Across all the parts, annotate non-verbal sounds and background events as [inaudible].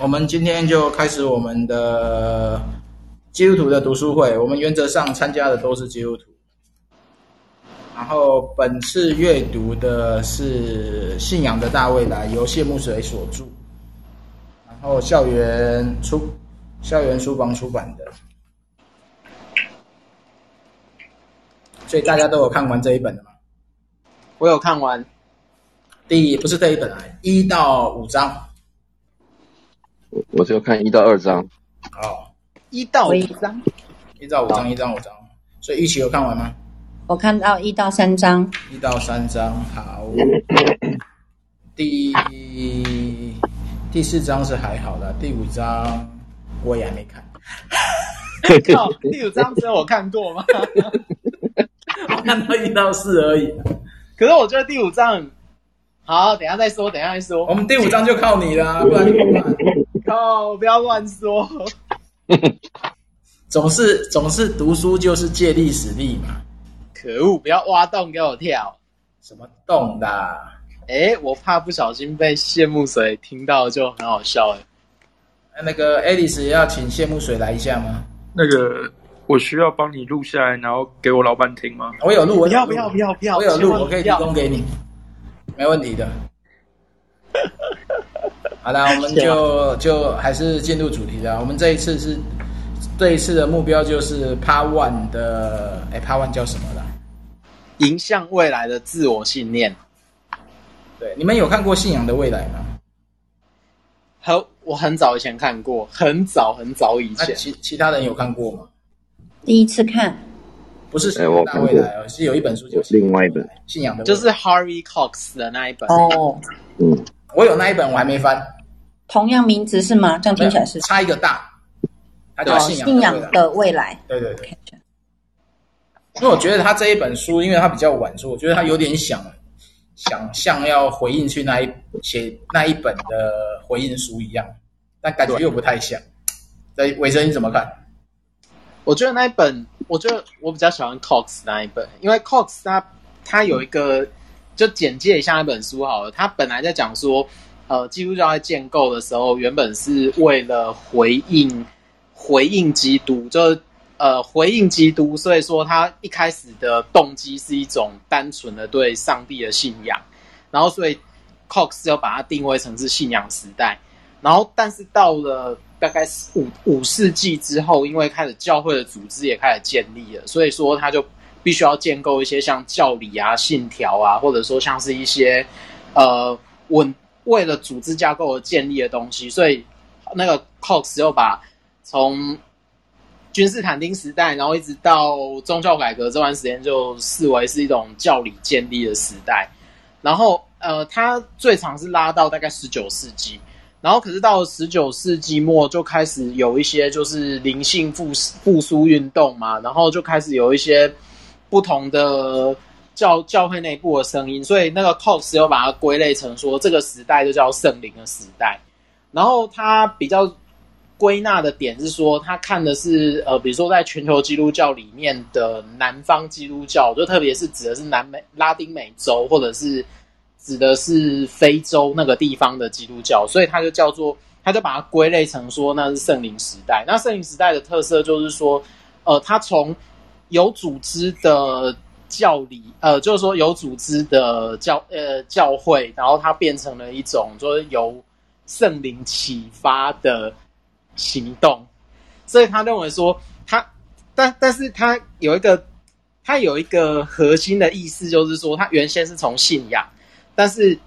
我們今天就開始我們的基督徒的讀書會。我們原則上參加的都是基督徒。然後本次閱讀的是《信仰的大未來》，由謝木水所著，然後校園出、校園書房出版的。所以大家都有看完這一本了嗎？我有看完，第一，不是這一本啊，一到五章。我只有看一到二章，哦、oh.，一到五章，一到五章，一章五章，所以一起有看完嗎？我看到一到三章，一到三章，好，第第四章是還好的，第五章我也還沒看。 [laughs] 靠， [laughs] 第五章只有我看過嗎？ [laughs] [laughs] 我看到一到四而已，可是我覺得第五章好，等一下再說，等一下再說，我們第五章就靠你了， [laughs] 不然怎麼辦？ [laughs] 哦，oh, 不要亂說！ [laughs] 總是總是讀書就是借力使力嘛。可惡，不要挖洞給我跳！什麼洞的、啊？哎、欸，我怕不小心被謝木水聽到就很好笑。那個艾麗絲要請謝木水來一下嗎？那個，我需要幫你錄下來，然後給我老板聽嗎？我有錄，我要不要？不要不要。不要我有錄，我可以提供給你，沒問題的。 [laughs] 好了我們就就還是進入主題的。我們這一次是這一次的目標就是 Part 1的，哎、欸，Part 1叫什麼的？迎向未來的自我信念。對，你們有看過《信仰的未來》嗎？好，我很早以前看過，很早很早以前。啊、其其他人有看過嗎？第一次看，不是《信仰的未來》哦，是有一本書，是另外一本《信仰的未來》，就是 Harvey Cox 的那一本哦，oh. 嗯。我有那一本，我還沒翻。同樣名字是嗎？這樣聽起來是，是差一個大。它叫信仰的未來。哦，信仰的未來。對，對對，對。一因為我覺得他這一本書，因為他比較晚，所以我覺得他有點想，想像要回應去那一寫那一本的回應書一樣，但感覺又不太像。對，對，韋生你怎麼看？我覺得那一本，我覺得我比較喜歡 Cox 那一本，因為 Cox 它它有一個、嗯。就簡介一下那本書好了。他本來在講說，呃，基督教在建構的時候，原本是為了回應回應基督，就呃回應基督，所以說他一開始的動機是一種單純的對上帝的信仰。然後，所以 Cox 就把它定位成是信仰時代。然後，但是到了大概五五世紀之後，因為開始教會的組織也開始建立了，所以說他就。必須要建構一些像教理啊、信條啊，或者說像是一些呃，穩為了組織架構而建立的東西。所以那個 Cox 又把從君士坦丁時代，然後一直到宗教改革這段時間，就視為是一種教理建立的時代。然後呃，它最長是拉到大概十九世紀，然後可是到了十九世紀末就開始有一些就是靈性復復甦運動嘛，然後就開始有一些，不同的教教會內部的聲音，所以那個 Cox 又把它歸類成說這個時代就叫聖靈的時代。然後他比較歸納的點是說，他看的是呃，比如說在全球基督教裡面的南方基督教，就特別是指的是南美、拉丁美洲，或者是指的是非洲那個地方的基督教，所以他就叫做，他就把它歸類成說那是聖靈時代。那聖靈時代的特色就是說，呃，他從有組織的教理，呃，就是說有組織的教，呃，教會，然後它變成了一種，就是由聖靈啟發的行動，所以他認為說他，但但是他有一個，他有一個核心的意思，就是說他原先是從信仰，但是，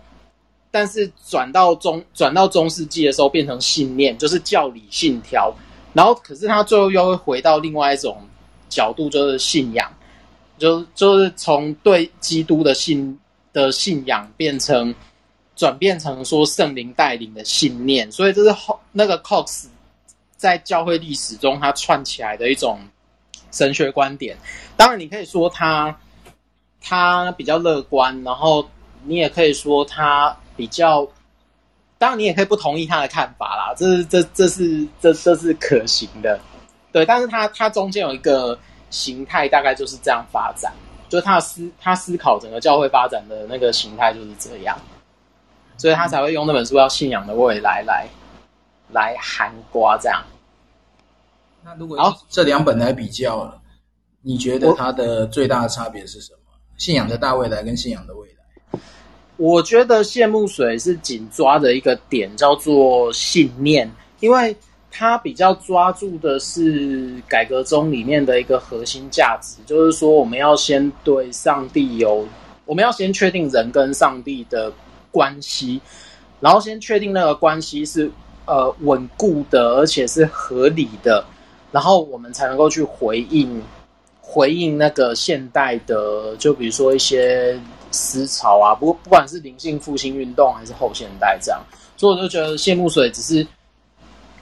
但是轉到中轉到中世紀的時候，變成信念，就是教理信條，然後可是他最後又會回到另外一種。角度就是信仰，就就是從對基督的信的信仰變成轉變成說聖靈帶領的信念，所以這是後那個 Cox 在教會歷史中他串起來的一種神學觀點。當然，你可以說他他比較樂觀，然後你也可以說他比較，當然你也可以不同意他的看法啦。這是這這是這這是可行的。對，但是他他中間有一個形態，大概就是這樣發展，就是他思他思考整個教會發展的那個形態就是這樣，所以他才會用那本書叫《信仰的未來》來來含瓜這樣。那如果好這兩本來比較。好你覺得它的最大的差別是什麼？我《信仰的大未來》跟《信仰的未來》？我覺得謝木水是緊抓著一個點叫做信念，因為。他比較抓住的是改革宗裡面的一個核心價值，就是說我們要先對上帝有，我們要先確定人跟上帝的關係，然後先確定那個關係是呃穩固的，而且是合理的，然後我們才能夠去回應回應那個現代的，就比如說一些思潮啊，不過不管是靈性復興運動還是後現代這樣，所以我就覺得謝木水只是。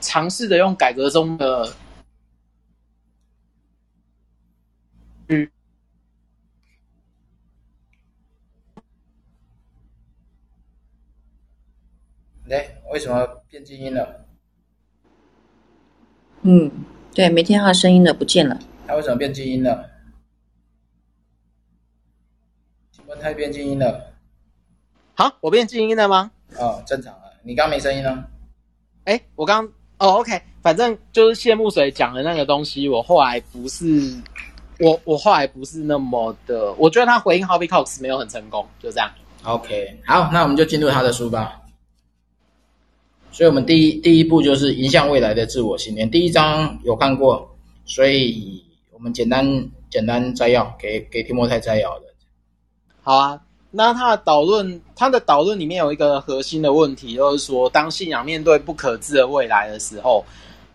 嘗試着用改革中的，嗯，哎，為什麼變靜音了？嗯，對，沒聽到聲音了，不見了。他為什麼變靜音了？請問他變靜音了？好，我變靜音了嗎？哦，正常了。你剛沒聲音呢。哎、欸，我剛。哦、oh，OK，反正就是謝木水講的那個東西，我後來不是我我後來不是那麼的，我覺得他回應 Harvey Cox 沒有很成功，就這樣。OK，好，那我們就進入他的書吧。所以，我們第一第一步就是信仰未來的自我信念。第一章有看過，所以我們簡單簡單摘要給給提摩太摘要的，好啊。那他的導論，他的導論裡面有一個核心的問題，就是說，當信仰面對不可知的未來的時候，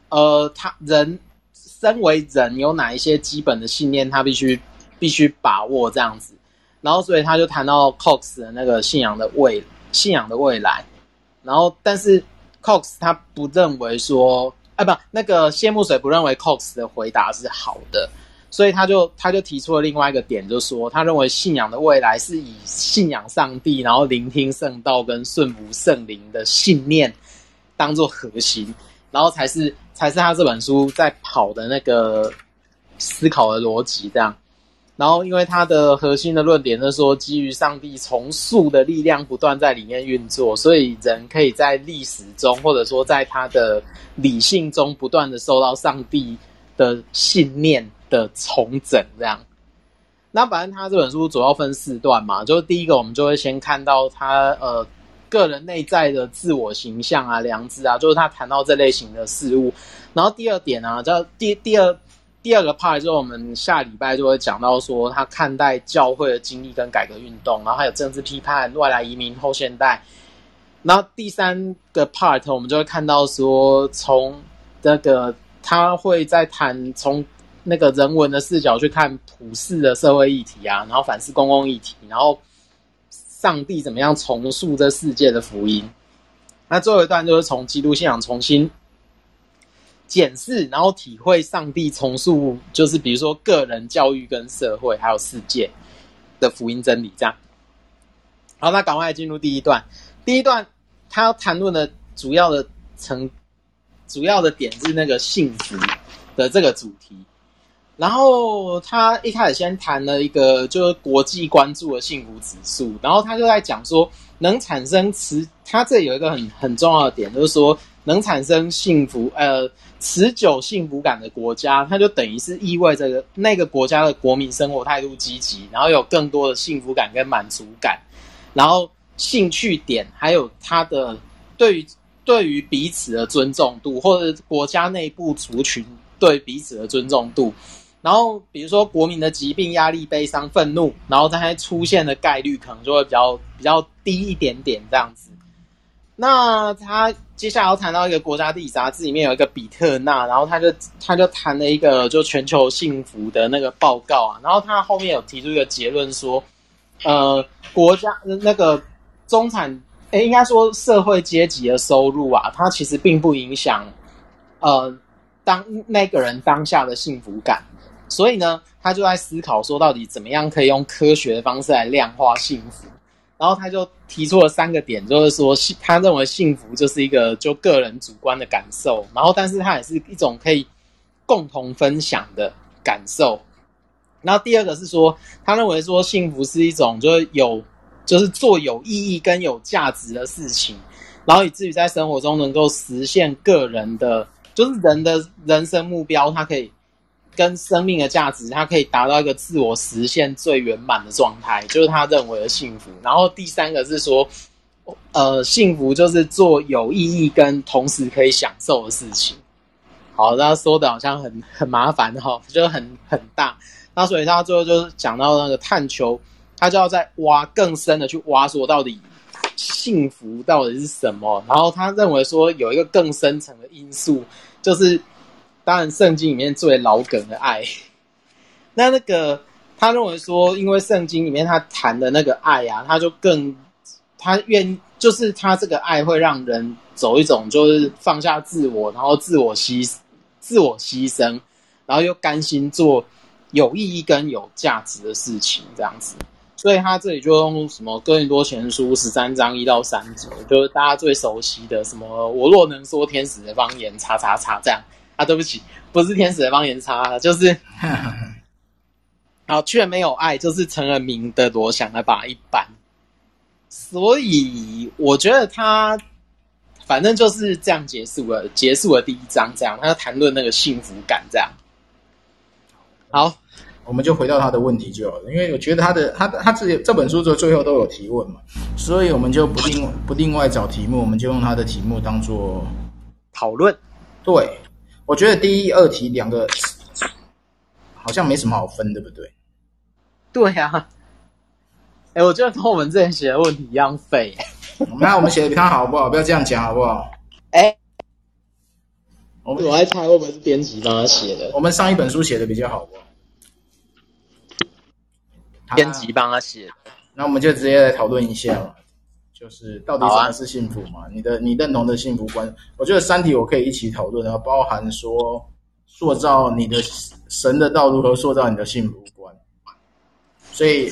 呃，他人身為人有哪一些基本的信念，他必須必須把握這樣子。然後，所以他就談到 Cox 的那個信仰的未，信仰的未來。然後，但是 Cox 他不認為說，哎、啊，不，那個謝木水不認為 Cox 的回答是好的。所以他就他就提出了另外一個點，就說他認為信仰的未來是以信仰上帝，然後聆聽聖道跟順服聖靈的信念，當做核心，然後才是才是他這本書在跑的那個思考的邏輯這樣。然後因為他的核心的論點是說，基於上帝重塑的力量不斷在裡面運作，所以人可以在歷史中，或者說在他的理性中，不斷的受到上帝的信念。的重整這樣，那反正他這本書主要分四段嘛，就是第一個我們就會先看到他呃個人內在的自我形象啊、良知啊，就是他談到這類型的事物。然後第二點呢、啊，就第第二第二個 part 就是我們下禮拜就會講到說他看待教會的經歷跟改革運動，然後還有政治批判、外來移民、後現代。然後第三個 part 我們就會看到說從這個他會在談從。那個人文的視角去看普世的社會議題啊，然後反思公共議題，然後上帝怎麼樣重塑這世界的福音。那最後一段就是從基督信仰重新檢視，然後體會上帝重塑，就是比如說個人教育跟社會還有世界的福音真理這樣。好，那趕快進入第一段。第一段他要談論的主要的成，主要的點是那個幸福的這個主題。然後他一開始先談了一個，就是國際關注的幸福指數。然後他就在講說，能產生持，他這有一個很很重要的點，就是說能產生幸福，呃，持久幸福感的國家，它就等於是意味着那個國家的國民生活態度積極，然後有更多的幸福感跟滿足感，然後興趣點，還有他的對於對於彼此的尊重度，或者國家內部族群對彼此的尊重度。然後，比如說國民的疾病、壓力、悲傷、憤怒，然後它出現的概率可能就會比較比較低一點點這樣子。那他接下來要談到一個國家地理雜誌裡面有一個比特納，然後他就他就談了一個就全球幸福的那個報告啊。然後他後面有提出一個結論說，呃，國家的那個中產，誒，應該說社會階級的收入啊，它其實並不影響，呃，當那個人當下的幸福感。所以呢，他就在思考說，到底怎麼樣可以用科學的方式來量化幸福？然後他就提出了三個點，就是說，他認為幸福就是一個就個人主觀的感受，然後但是它也是一種可以共同分享的感受。然後第二個是說，他認為說幸福是一種就是有，就是做有意義跟有價值的事情，然後以至於在生活中能夠實現個人的，就是人的人生目標，他可以。跟生命的價值，他可以達到一個自我實現最圓滿的狀態，就是他認為的幸福。然後第三個是說，呃，幸福就是做有意義跟同時可以享受的事情。好，他說的好像很很麻煩哈、哦，就很很大。那所以他最後就是講到那個探求，他就要再挖更深的去挖，說到底幸福到底是什麼？然後他認為說有一個更深層的因素就是。當然，聖經裡面最老梗的愛。那那個，他認為說，因為聖經裡面他談的那個愛啊，他就更他願，就是他這個愛會讓人走一種，就是放下自我，然後自我犧自我犧牲，然後又甘心做有意義跟有價值的事情，這樣子。所以他這裡就用什麼《哥林多前書》十三章一到三節，就是大家最熟悉的什麼“我若能說天使的方言”，叉叉叉這樣。啊，對不起，不是天使的方言差，就是， [laughs] 好，居然沒有愛，就是成了鳴的鑼，響的鈸一般。所以我覺得他反正就是這樣結束了，結束了第一章，這樣他就談論那個幸福感，這樣，好，我們就回到他的問題就好了，因為我覺得他的他他這這本書的最後都有提問嘛，所以我們就不另不另外找題目，我們就用他的題目當做討論，對。我覺得第一、二題兩個好像沒什麼好分，對不對？對呀、啊，哎、欸，我覺得同我們之前寫的問題一樣廢。 [laughs] 那我們寫的比較好，好不好？不要這樣講好不好？哎、欸，我我還猜我們會不會是編輯幫他寫的。我們上一本書寫的比較好，好不好？編輯幫他寫的。那我們就直接來討論一下吧。就是到底什麼是幸福嘛、啊？你的你認同的幸福觀，我覺得三題我可以一起討論，包含說塑造你的神的道路和塑造你的幸福觀。所以，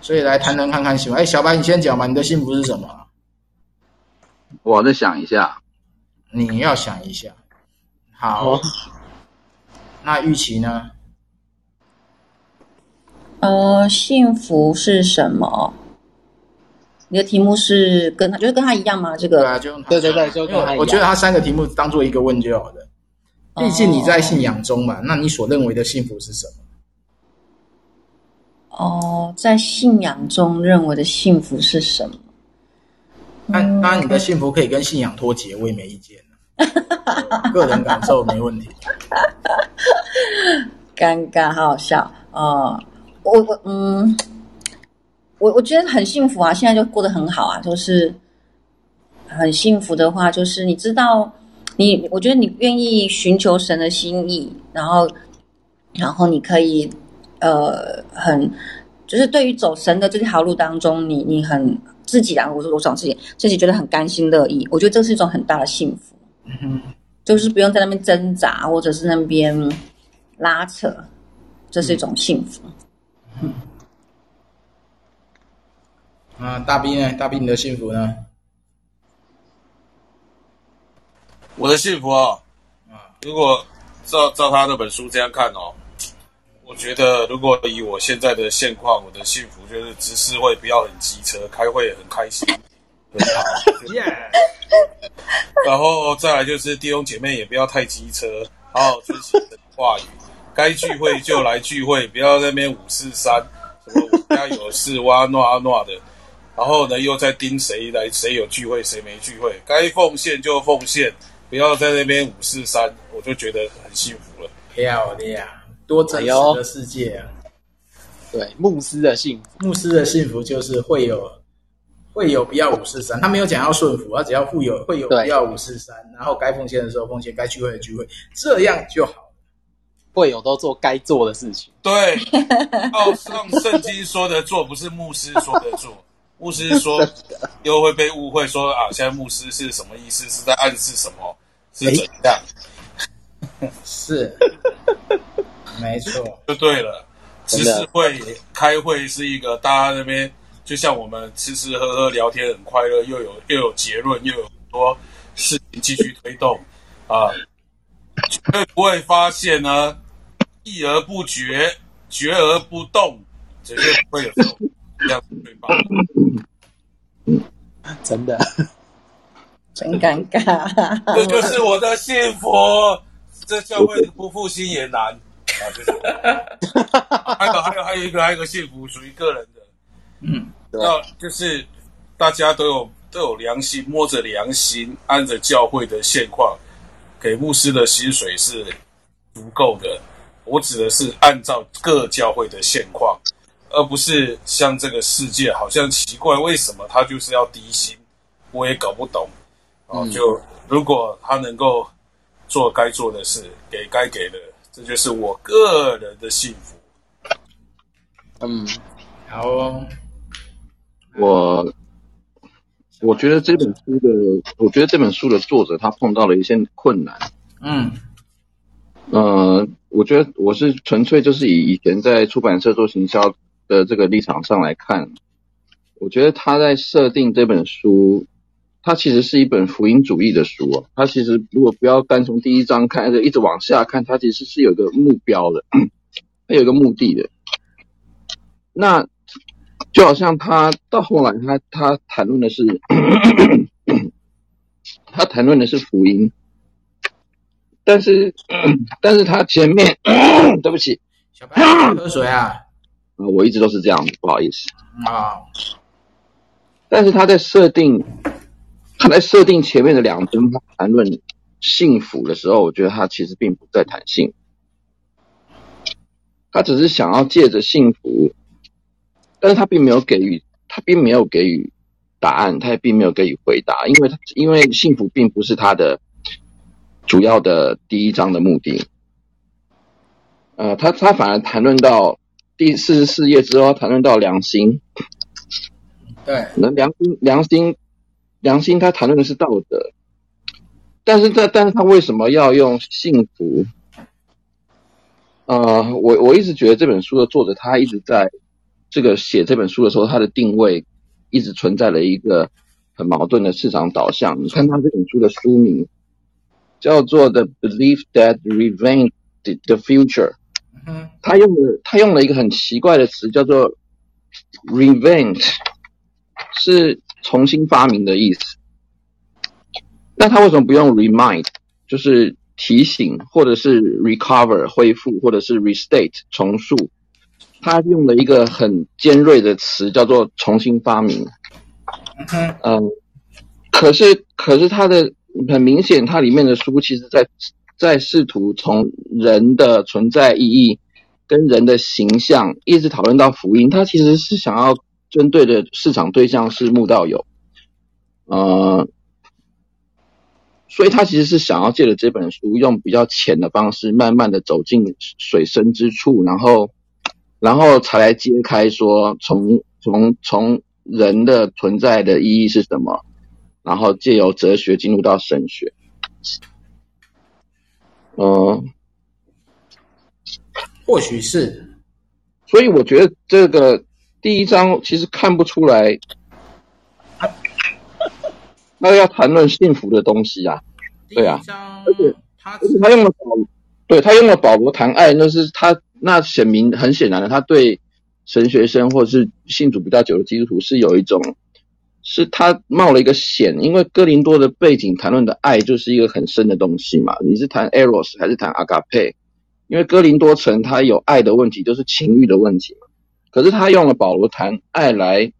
所以來談談看看哎，小白你先講嘛，你的幸福是什麼？我再想一下。你要想一下。好，那玉琪呢？呃，幸福是什麼？你的題目是跟他，就是跟他一樣嗎？這個對啊，就對對對，就就我覺得他三個題目當做一個問就好了。嗯、畢竟你在信仰中嘛，哦、那你所認為的幸福是什麼？哦，在信仰中認為的幸福是什麼？那當然，嗯、當然你的幸福可以跟信仰脫節，我也沒意見。所以 [laughs] 個人感受沒問題。 [laughs] 尷尬，好好笑哦。我我嗯。我我覺得很幸福啊，現在就過得很好啊，就是很幸福的話，就是你知道你，你我覺得你願意尋求神的心意，然後然後你可以呃，很就是對於走神的這條路當中，你你很自己啊，啊我說我想自己，自己覺得很甘心樂意，我覺得這是一種很大的幸福，嗯，就是不用在那邊掙扎或者是那邊拉扯，這是一種幸福，嗯。啊，大斌，哎，大斌，你的幸福呢？我的幸福哦，啊，如果照照他那本書這樣看哦，我覺得如果以我現在的現況，我的幸福就是，執事會不要很機車，開會很開心，對吧。Yeah. 然後再來就是弟兄姐妹也不要太機車，好好珍惜的話語，該聚會就來聚會，不要在那邊五四三，什麼我家有事哇鬧啊鬧的。然後呢，又在盯誰來？誰有聚會，誰沒聚會？該奉獻就奉獻，不要在那邊五四三，我就覺得很幸福了。漂亮，多真實的世界啊！對，牧師的幸福，牧師的幸福就是會有，會有不要五四三。他沒有講要順服，他只要會有，會有不要五四三。對然後該奉獻的時候奉獻，該聚會的聚會，這樣就好了。會有都做該做的事情。對，要讓、 [laughs] 哦、聖經說的做，不是牧師說的做。牧師說，又會被誤會說啊，現在牧師是什麼意思？是在暗示什麼？是怎樣？欸、是，沒錯，就對了。其實的會開會是一個，大家那邊就像我們吃吃喝喝聊天，很快樂，又有又有結論，又有很多事情繼續推動 [laughs] 啊。會不會發現呢？議而不決，決而不動，絕對不會有這種。這樣子對吧？真的，真尷尬。這就是我的幸福。這教會不復興，也難啊！還，還，還有還有還有一個還有一個幸福屬於個人的，嗯，那就是大家都有都有良心，摸着良心，按着教會的現況，給牧師的薪水是足夠的。我指的是按照各教會的現況。而不是像這個世界，好像奇怪，為什麼他就是要低薪？我也搞不懂。嗯啊、就如果他能夠做該做的事，給該給的，這就是我個人的幸福。嗯，好、哦。我我覺得這本書的，我覺得這本書的作者他碰到了一些困難。嗯。呃，我覺得我是純粹就是以以前在出版社做行銷。的這個立場上來看，我覺得他在設定這本書，他其實是一本福音主義的書哦、啊，他其實如果不要單從第一章看，一直往下看，他其實是有個目標的，他有一個目的的。那就好像他到後來他，他他談論的是，白 [laughs] 他談論的是福音，但是但是他前面，對不起，小白喝水啊。啊，我一直都是這樣，不好意思啊。但是他在設定，他在設定前面的兩章，他談論幸福的時候，我覺得他其實並不在談幸福，他只是想要借着幸福，但是他並沒有給予，他並沒有給予答案，他也並沒有給予回答，因為他因為幸福並不是他的主要的第一章的目的。呃，他他反而談論到。第四十四頁之後，談論到良心。對，那良心、良心、良心，他談論的是道德，但是，他，但是他為什麼要用幸福？啊、呃，我我一直覺得這本書的作者，他一直在這個寫這本書的時候，他的定位一直存在了一個很矛盾的市場導向。你看他這本書的書名，叫做《The Belief That Revenge the Future》。嗯，他用的他用了一個很奇怪的詞，叫做 “reinvent” 是重新發明的意思。那他為什麼不用 “remind”？就是提醒，或者是 “recover” 恢復，或者是 “restate” 重塑？他用了一個很尖銳的詞，叫做“重新發明”。Okay. 嗯，可是可是他的很明顯，他裡面的書其實在。在試圖從人的存在意義跟人的形象一直討論到福音，他其實是想要針對的市場對象是慕道友，呃，所以他其實是想要借着這本書，用比較淺的方式，慢慢的走進水深之處，然後，然後才來揭開說，從從從人的存在的意義是什麼，然後借由哲學進入到神學。嗯，呃、或許是，所以我覺得這個第一章其實看不出來，那要談論幸福的東西啊，對啊，而且他而且他用了保，對，他用了保羅談愛，那是他那顯明很顯然的，他對神學生或是信主比較久的基督徒是有一種。是他冒了一個險，因為哥林多的背景談論的愛就是一個很深的東西嘛。你是談 eros 還是談 agape？因為哥林多城他有愛的問題，就是情欲的問題。可是他用了保羅談愛來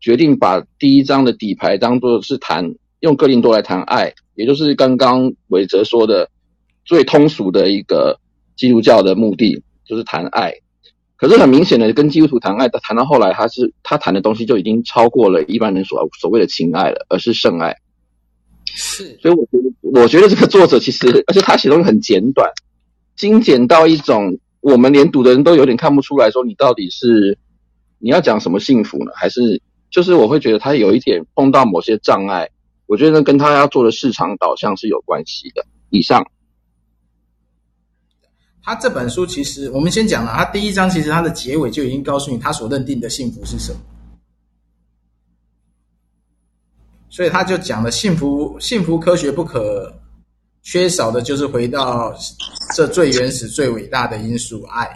決定把第一章的底牌當做是談，用哥林多來談愛，也就是剛剛偉哲說的最通俗的一個基督教的目的，就是談愛。可是很明顯的，跟基督徒談愛，談到後來他，他是他談的東西就已經超過了一般人所所謂的情愛了，而是聖愛。是，所以我覺得，我覺得這個作者其實，而且他寫東西很簡短，精簡到一種我們連讀的人都有點看不出來，說你到底是你要講什麼幸福呢？還是就是我會覺得他有一點碰到某些障礙，我覺得跟他要做的市場導向是有關係的。以上。他這本書其實，我們先講了，他第一章其實他的結尾就已經告訴你他所認定的幸福是什麼。所以他就講了幸福，幸福科學不可缺少的就是回到這最原始、最偉大的因素——愛。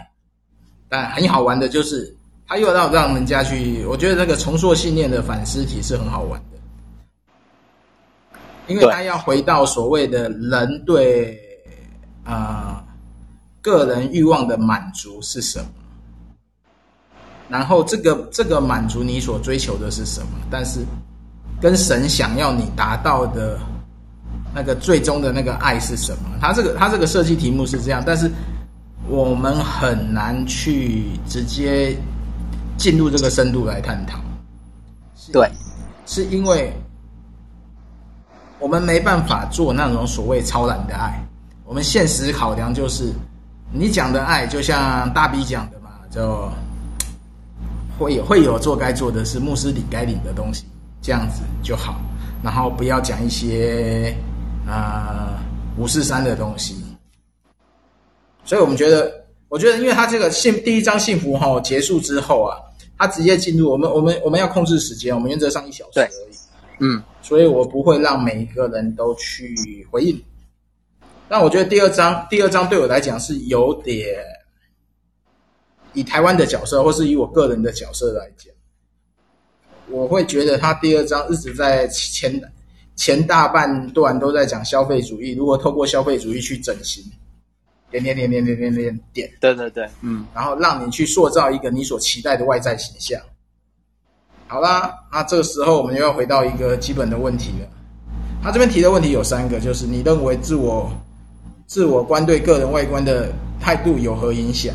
但很好玩的就是，他又要讓人家去，我覺得那個重塑信念的反思，體是很好玩的，因為他要回到所謂的人對啊、呃。個人慾望的滿足是什麼？然後這個這個滿足你所追求的是什麼？但是跟神想要你達到的那個最終的那個愛是什麼？他這個他這個設計題目是這樣，但是我們很難去直接進入這個深度來探討。對，是因為我們沒辦法做那種所謂超然的愛，我們現實考量就是。你講的愛就像大 B 講的嘛，就會會有做該做的事牧師領該領的東西，這樣子就好。然後不要講一些呃五四三的東西。所以我們覺得，我覺得，因為他這個信第一章幸福哈、哦、結束之後啊，他直接進入我們，我們我們要控制時間，我們原則上一小時而已。嗯，所以我不會讓每一個人都去回應。那我覺得第二章，第二章對我來講是有點，以台灣的角色，或是以我個人的角色來講，我會覺得他第二章一直在前前大半段都在講消費主義，如果透過消費主義去整形，點點點點點點點點，對對對，嗯，然後讓你去塑造一個你所期待的外在形象。好啦，那、啊、這個時候我們又要回到一個基本的問題了。他、啊、這邊提的問題有三個，就是你認為自我。自我觀對個人外觀的態度有何影響？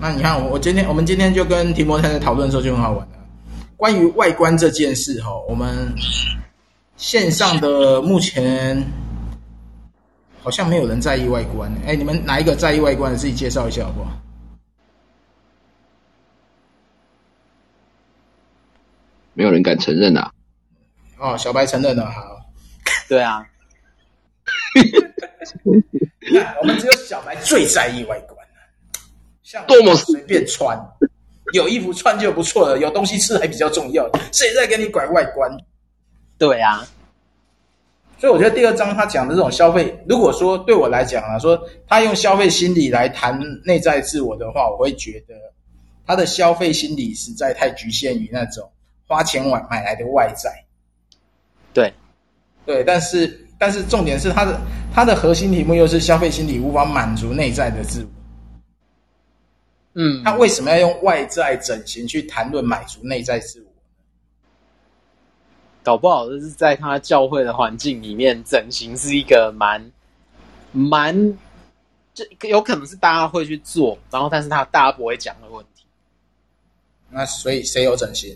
那你看，我我今天我們今天就跟提摩太在討論的時候就很好玩了。關於外觀這件事，哈，我們線上的目前好像沒有人在意外觀。哎，你們哪一個在意外觀的自己介紹一下好不好？沒有人敢承認啊。哦，小白承認了，好。對啊。 [laughs] [laughs] 啊、我們只有小白最在意外觀，多麼隨便穿，有衣服穿就不錯了，有東西吃還比較重要，誰在跟你拐外觀？對呀、啊，所以我覺得第二章他講的這種消費，如果說對我來講啊，說他用消費心理來談內在自我的話，我會覺得他的消費心理實在太局限於那種花錢買買來的外在，對，對，但是。但是重點是他，他的它的核心題目又是消費心理無法滿足內在的自我。嗯，他為什麼要用外在整形去談論滿足內在自我呢？搞不好就是在他教會的環境裡面，整形是一個蠻蠻，這有可能是大家會去做，然後但是他大家不會講的問題。那所以，誰有整形？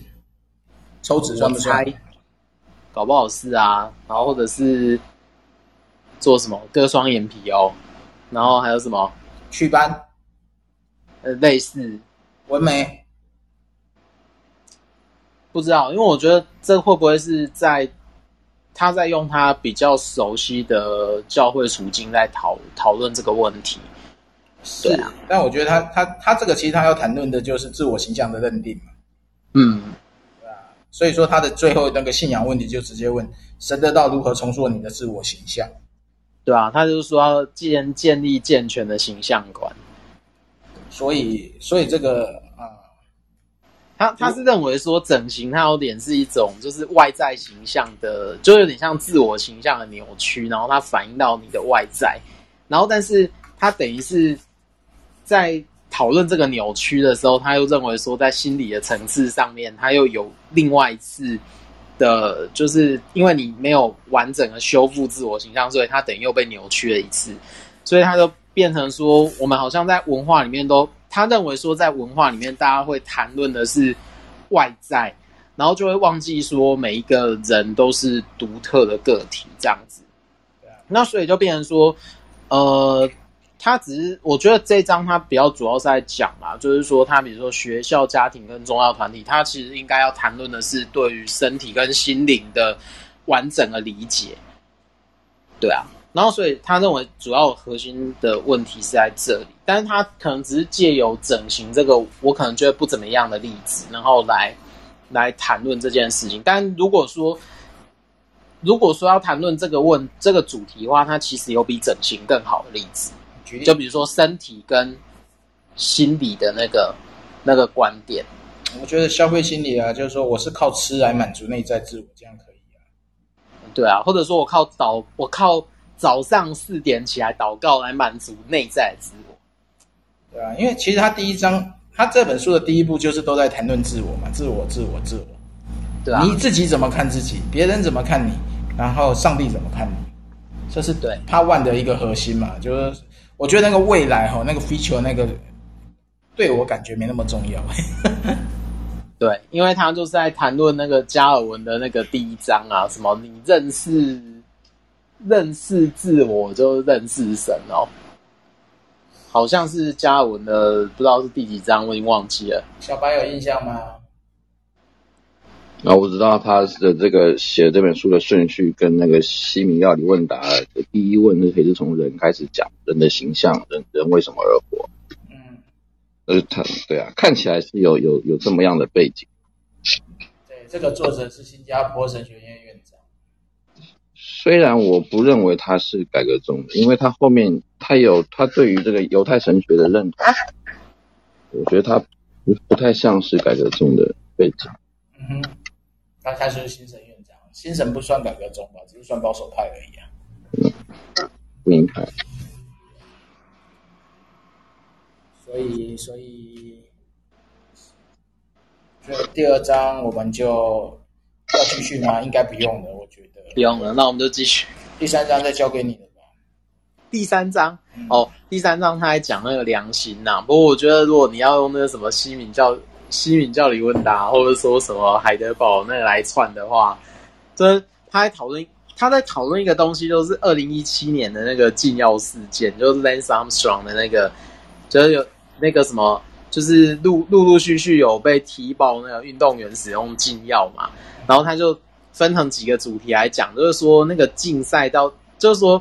抽脂算不算？搞不好是啊，然後或者是。做什麼割雙眼皮哦，然後還有什麼祛斑，班呃，類似紋眉美、嗯，不知道，因為我覺得這會不會是在他在用他比較熟悉的教會處境在討討論這個問題？是啊，但我覺得他他他這個其實他要談論的就是自我形象的認定嘛，嗯，對啊，所以說他的最後那個信仰問題就直接問神的道如何重塑你的自我形象。對啊，他就是說，要建建立健全的形象觀，所以，所以這個啊，對他他是認為說，整形它有點是一種，就是外在形象的，就有點像自我形象的扭曲，然後它反映到你的外在，然後，但是他等於是，在討論這個扭曲的時候，他又認為說，在心理的層次上面，他又有另外一次。的，就是因為你沒有完整的修復自我形象，所以他等於又被扭曲了一次，所以他就變成說，我們好像在文化裡面都，他認為說在文化裡面大家會談論的是外在，然後就會忘記說每一個人都是獨特的個體這樣子，那所以就變成說，呃。他只是，我覺得這一章他比較主要是在講嘛，就是說他比如說學校、家庭跟宗教團體，他其實應該要談論的是對於身體跟心靈的完整的理解，對啊。然後所以他認為主要核心的問題是在這裡，但是他可能只是借由整形這個我可能覺得不怎麼樣的例子，然後來來談論這件事情。但如果說，如果說要談論這個問，這個主題的話，它其實有比整形更好的例子。就比如說身體跟心理的那個那個觀點，我覺得消費心理啊，就是說我是靠吃來滿足內在自我，這樣可以啊。對啊，或者說我靠早我靠早上四點起來禱告來滿足內在自我。對啊，因為其實他第一章他這本書的第一步就是都在談論自我嘛，自我自我自我。自我對啊，你自己怎麼看自己？別人怎麼看你？然後上帝怎麼看你？這是對 Part1 的一個核心嘛，就是。我覺得那個未來哈，那個 feature 那個，對我感覺沒那麼重要，欸。對，因為他就是在談論那個加爾文的那個第一章啊，什麼你認識認識自我就認識神哦，好像是加爾文的，不知道是第幾章，我已經忘記了。小白有印象嗎？然後我知道他的這個寫這本書的順序跟那個《西敏要理問答》的第一問，那可以是從人開始講人的形象，人人為什麼而活？嗯，呃，他對啊，看起來是有有有這麼樣的背景。對，這個作者是新加坡神學院院長。雖然我不認為他是改革宗的，因為他後面他有他對於這個猶太神學的認同，啊、我覺得他不，不太像是改革宗的背景。嗯。哼。他開始是新神院長，新神不算改革宗吧，只是算保守派而已啊。明白天。所以，所以，所以，第二章我們就要繼續嗎？應該不用了，我覺得。不用了，那我們就繼續。第三章再交給你了吧。第三章、嗯、哦，第三章他還講那個良心吶、啊。不過我覺得，如果你要用那個什麼西名叫……西敏教理問答，或者說什麼海德堡那個來串的話，就是他在討論他在討論一個東西，就是二零一七年的那個禁藥事件，就是 Lance Armstrong 的那個，就是有那個什麼，就是陸陸陸續續有被提報那個運動員使用禁藥嘛，然後他就分成幾個主題來講，就是說那個競賽到，就是說。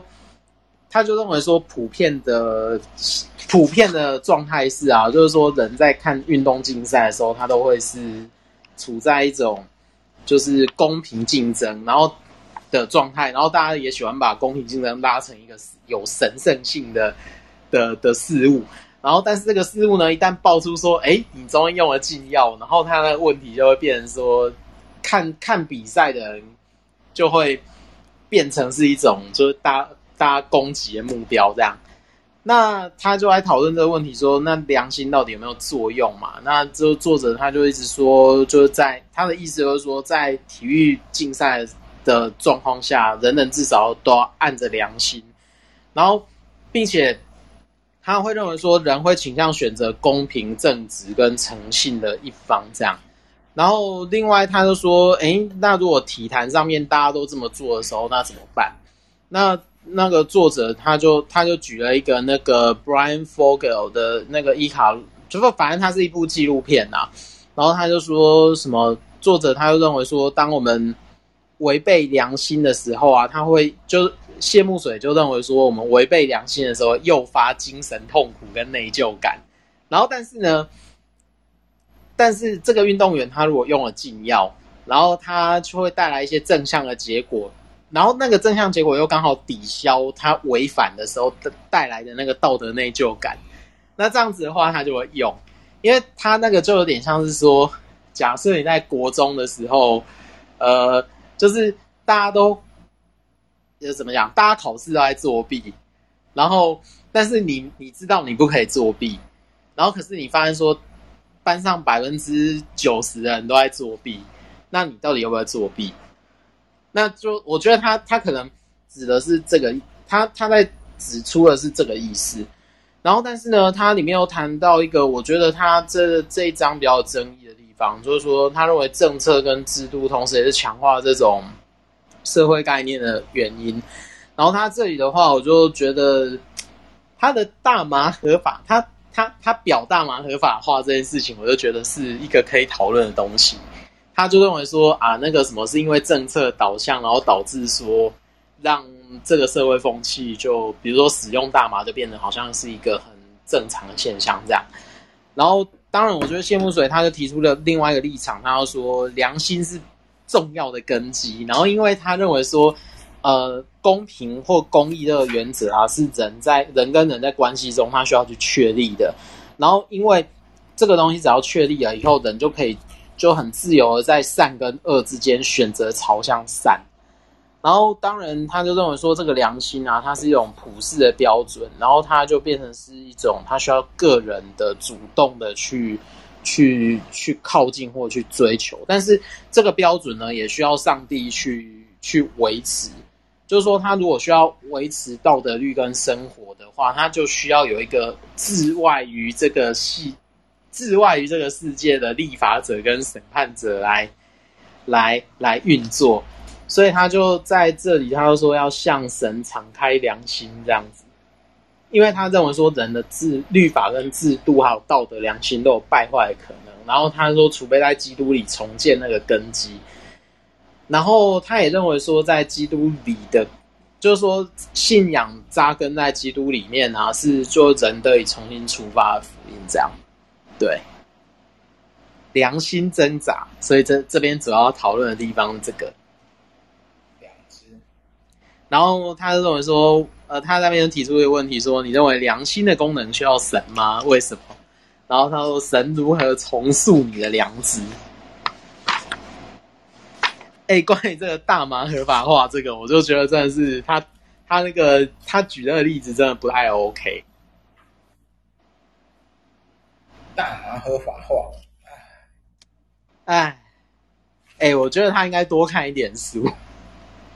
他就認為說普，普遍的、普遍的狀態是啊，就是說，人在看運動競賽的時候，他都會是處在一種就是公平競爭，然後的狀態，然後大家也喜歡把公平競爭拉成一個有神聖性的的的事物，然後但是這個事物呢，一旦爆出說，哎、欸，你終於用了禁藥，然後他的問題就會變成說，看看比賽的人就會變成是一種就是大。他攻擊的目標這樣，那他就來討論這個問題說，說那良心到底有沒有作用嘛？那這作者他就一直說，就是在他的意思就是說，在體育競賽的狀況下，人人至少都要按着良心，然後，並且他會認為說，人會傾向選擇公平、正直跟誠信的一方這樣。然後另外他就說，哎、欸，那如果體壇上面大家都這麼做的時候，那怎麼辦？那？那個作者他就他就舉了一個那個 Brian Fogel 的那個伊卡，就說反正它是一部紀錄片吶，啊。然後他就說什麼作者他就認為說，當我們違背良心的時候啊，他會就是謝木水就認為說，我們違背良心的時候誘發精神痛苦跟內疚感。然後但是呢，但是這個運動員他如果用了禁藥，然後他就會帶來一些正向的結果。然後那個正向結果又剛好抵消他違反的時候帶帶來的那個道德內疚感，那這樣子的話他就會用，因為他那個就有點像是說，假設你在國中的時候，呃，就是大家都，呃，怎麼講，大家考試都在作弊，然後但是你你知道你不可以作弊，然後可是你發現說班上百分之九十的人都在作弊，那你到底要不要作弊？那就我覺得他他可能指的是這個，他他在指出的是這個意思，然後但是呢，他裡面又談到一個，我覺得他這這一章比較有爭議的地方，就是說他認為政策跟制度同時也是強化這種社會概念的原因。然後他這裡的話，我就覺得他的大麻合法，他他他表大麻合法化這件事情，我就覺得是一個可以討論的東西。他就認為說啊，那個什麼是因為政策導向，然後導致說，讓這個社會風氣，就比如說使用大麻就變得好像是一個很正常的現象這樣。然後當然，我覺得謝木水他就提出了另外一個立場，他要說良心是重要的根基。然後因為他認為說，呃，公平或公義的原則啊，是人在人跟人在關係中他需要去確立的。然後因為這個東西只要確立了以後，人就可以。就很自由的在善跟惡之間選擇朝向善，然後當然他就認為說，這個良心啊，它是一種普世的標準，然後它就變成是一種他需要個人的主動的去去去靠近或去追求，但是這個標準呢，也需要上帝去去維持，就是說他如果需要維持道德律跟生活的話，他就需要有一個自外於這個系自外於這個世界的立法者跟審判者來，來來運作，所以他就在這裡，他就說要向神敞開良心這樣子，因為他認為說人的制律法跟制度還有道德良心都有敗壞的可能，然後他說儲備在基督裡重建那個根基，然後他也認為說在基督裡的就是說信仰紮根在基督裡面啊，是做人得以重新出發的福音這樣。對，良心掙扎，所以這這邊主要討論的地方，這個良知。然後，他就認為說，呃，他那邊提出一個問題說，你認為良心的功能需要神嗎？為什麼？然後他說，神如何重塑你的良知？哎，關於這個大麻合法化，這個我就覺得真的是他，他那個他舉那個例子真的不太 OK。大麻合法化？哎哎我覺得他應該多看一點書。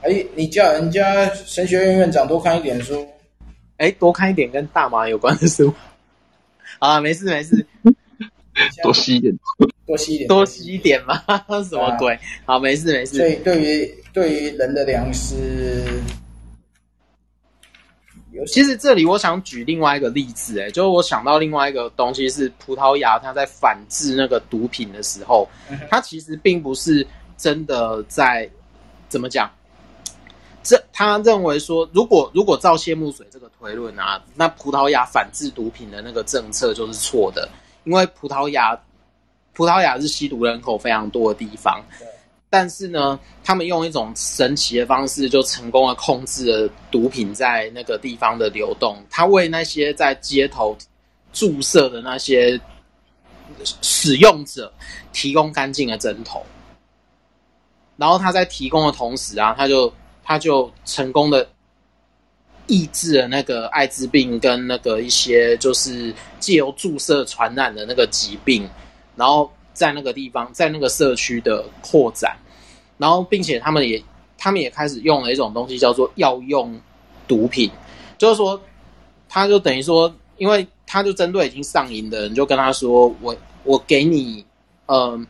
哎，你叫人家神學院院長多看一點書？哎，多看一點跟大麻有關的書啊？沒事沒事，多吸一點，多吸一點，多吸一點嘛？點點 [laughs] 什麼鬼？啊、好，沒事沒事。對，對於對於人的糧食。其實這裡我想舉另外一個例子，欸，哎，就是我想到另外一個東西是葡萄牙，它在反制那個毒品的時候，它其實並不是真的在怎麼講？這他認為說，如果如果照謝木水這個推論啊，那葡萄牙反制毒品的那個政策就是錯的，因為葡萄牙葡萄牙是吸毒人口非常多的地方。但是呢，他們用一種神奇的方式，就成功的控制了毒品在那個地方的流動。他為那些在街頭注射的那些使用者提供乾淨的針頭，然後他在提供的同時啊，他就他就成功的抑制了那個艾滋病跟那個一些就是借由注射傳染的那個疾病，然後在那個地方，在那個社區的擴展，然後並且他們也他們也開始用了一種東西叫做藥用毒品，就是說，他就等於說，因為他就針對已經上癮的人，就跟他說：“我我給你，嗯，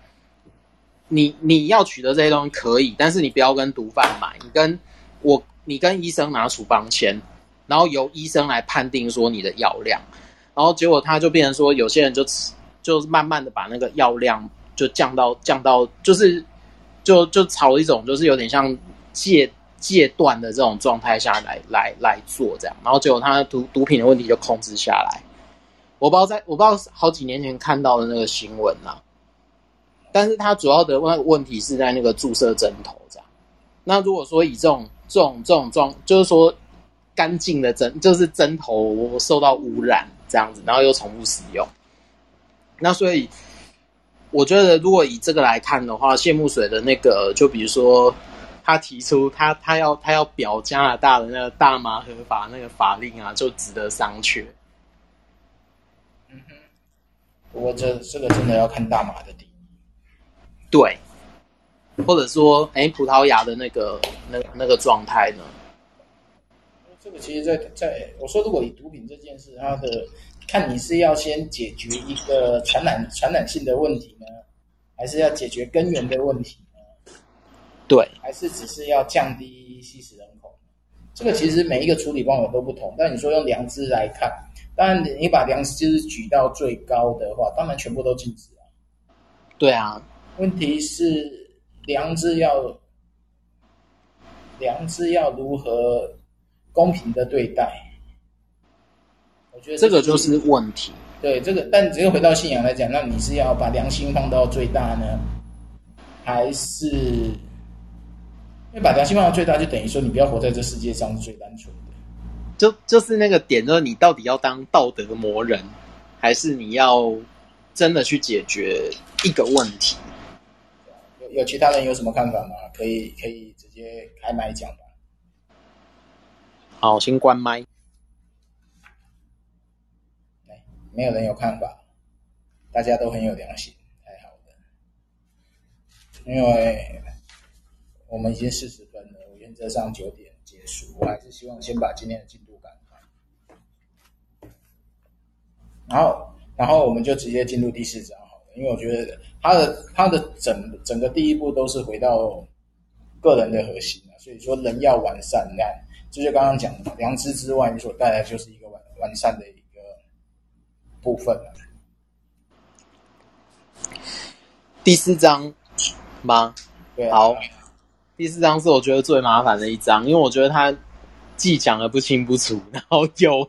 你你要取得這些東西可以，但是你不要跟毒販買，你跟我，你跟醫生拿處方簽，然後由醫生來判定說你的藥量。”然後結果他就變成說，有些人就吃。就是慢慢的把那個藥量就降到降到就是就就朝一種就是有點像戒戒斷的這種狀態下來來來做這樣，然後結果他毒毒品的問題就控制下來。我不知道在我不知道好幾年前看到的那個新聞啦、啊，但是他主要的問問題是在那個注射針頭這樣。那如果說以這種這種這種狀，就是說乾淨的針就是針頭我受到污染這樣子，然後又重複使用。那所以，我覺得如果以這個來看的話，謝木水的那個，就比如說他提出他他要他要表加拿大的那個大麻合法那個法令啊，就值得商榷。嗯哼，我覺得這這個真的要看大麻的，對，或者說誒葡萄牙的那個那那個狀態呢？這個其實在，在在我說，如果以毒品這件事，它的。看你是要先解決一個傳染傳染性的問題呢，還是要解決根源的問題呢？對，還是只是要降低吸食人口？這個其實每一個處理方法都不同。但你說用良知來看，當然你你把良知舉到最高的話，當然全部都禁止了啊。對啊，問題是良知要，良知要如何公平的對待？我覺得這，這個就是問題。對，這個，但只有回到信仰來講，那你是要把良心放到最大呢，還是？那把良心放到最大，就等於說你不要活在這世界上最單純的。就就是那個點，就是你到底要當道德的魔人，還是你要真的去解決一個問題？有有其他人有什麼看法嗎？可以可以直接開麥講吧。好，先關麥。沒有人有看法，大家都很有良心，太好了。因為我們已經四十分了，我原則上九點結束，我還是希望先把今天的進度趕完。然後，然後我們就直接進入第四章好了，因為我覺得他的他的整整個第一步都是回到個人的核心啊，所以說人要完善，那這就剛剛講的良知之外，你所帶來就是一個完完善的。部分，第四章嗎？對、啊、好。對啊、第四章是我覺得最麻煩的一章，因為我覺得他既講的不清不楚，然後又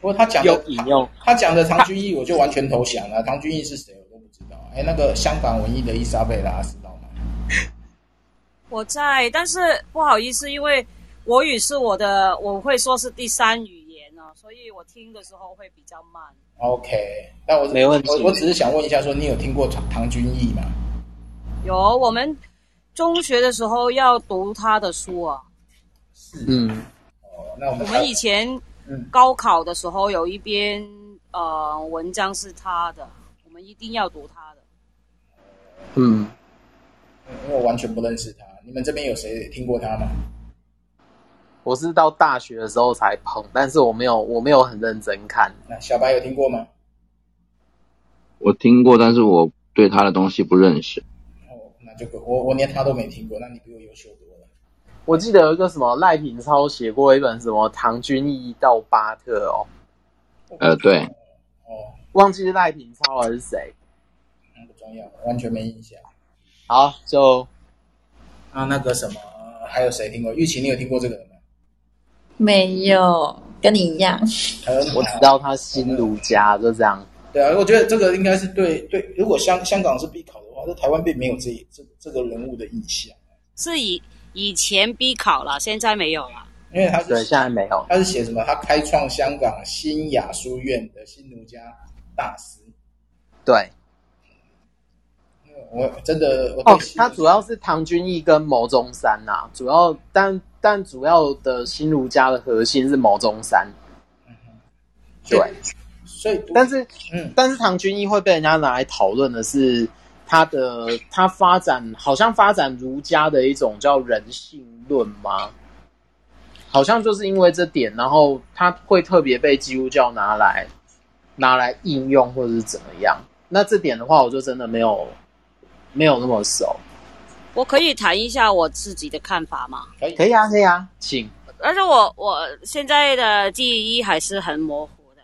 不過他講有引用他，他講的唐君毅我就完全投降了。他唐君毅是誰，我都不知道。哎， [laughs] 那個香港文藝的伊莎貝拉斯，知道嗎？我在，但是不好意思，因為我語是我的，我會說是第三語言哦，所以我聽的時候會比較慢。OK，那我沒問題。我只是想問一下，說你有聽過唐唐君毅嗎？有，我們中學的時候要讀他的書啊。是、嗯，嗯、哦，那我們我們以前高考的時候有一篇、嗯、呃文章是他的，我們一定要讀他的。嗯，因為我完全不認識他。你們這邊有誰聽過他嗎？我是到大學的時候才碰，但是我沒有，我沒有很認真看。那小白有聽過嗎？我聽過，但是我對他的東西不認識。哦，那個，我我連他都沒聽過，那你比我優秀多了。我記得有一個什麼賴品超寫過一本什麼《唐君毅到巴特》哦。呃，對。哦，忘記是賴品超還是誰，那不重要，完全沒印象。好，就那、啊、那個什麼，還有誰聽過？玉琴，你有聽過這個人嗎？沒有，跟你一樣。嗯，我知道他新儒家就這樣。對啊，我覺得這個應該是對對。如果香香港，是必考的話，那台灣並沒有這這個、這個人物的印象。是以以前必考了，現在沒有了。因為他是，對，現在沒有，他是寫什麼？他開創香港新亞書院的新儒家大師。對。我真的哦，oh, can 他主要是唐君毅跟牟宗三吶、啊，主要但但主要的新儒家的核心是牟宗三，嗯、mm，hmm. 對所，所以但是、嗯、但是唐君毅會被人家拿來討論的是他的他發展好像發展儒家的一種叫人性論嗎？好像就是因為這點，然後他會特別被基督教拿來拿來應用或者是怎麼樣？那這點的話，我就真的沒有。沒有那麼熟，我可以談一下我自己的看法嗎？可以，可以啊，可以啊，請。而且我我現在的記憶還是很模糊的。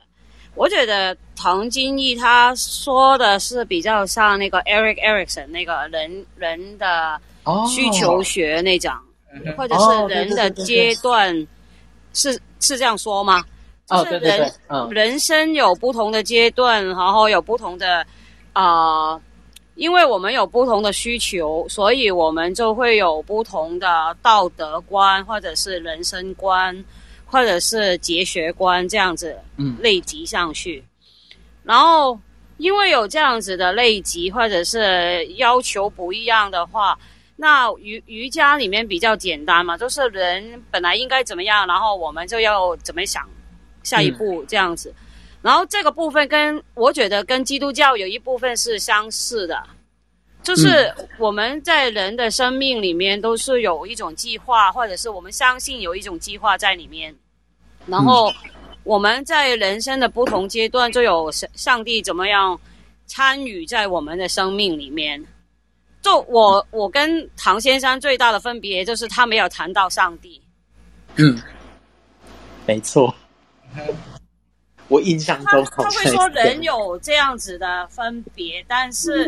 我覺得唐金義他說的是比較像那個 Erik Erikson 那個人人的需求學那種，哦、或者是人的階段，哦、對對對對是是這樣說嗎？就是、人哦，對對對，嗯、人生有不同的階段，然後有不同的啊。呃因為我們有不同的需求，所以我們就會有不同的道德觀，或者是人生觀，或者是哲學觀這樣子，嗯，累積上去。然後，因為有這樣子的累積，或者是要求不一樣的話，那瑜瑜伽裡面比較簡單嘛，就是人本來應該怎麼樣，然後我們就要怎麼想，下一步、嗯、這樣子。然後這個部分跟我覺得跟基督教有一部分是相似的，就是我們在人的生命裡面都是有一種計劃，或者是我們相信有一種計劃在裡面。然後我們在人生的不同階段就有上上帝怎麼樣參與在我們的生命裡面。就我我跟唐先生最大的分別就是他沒有談到上帝。嗯，沒錯。我印象中，他他會說人有這樣子的分別， [laughs] 但是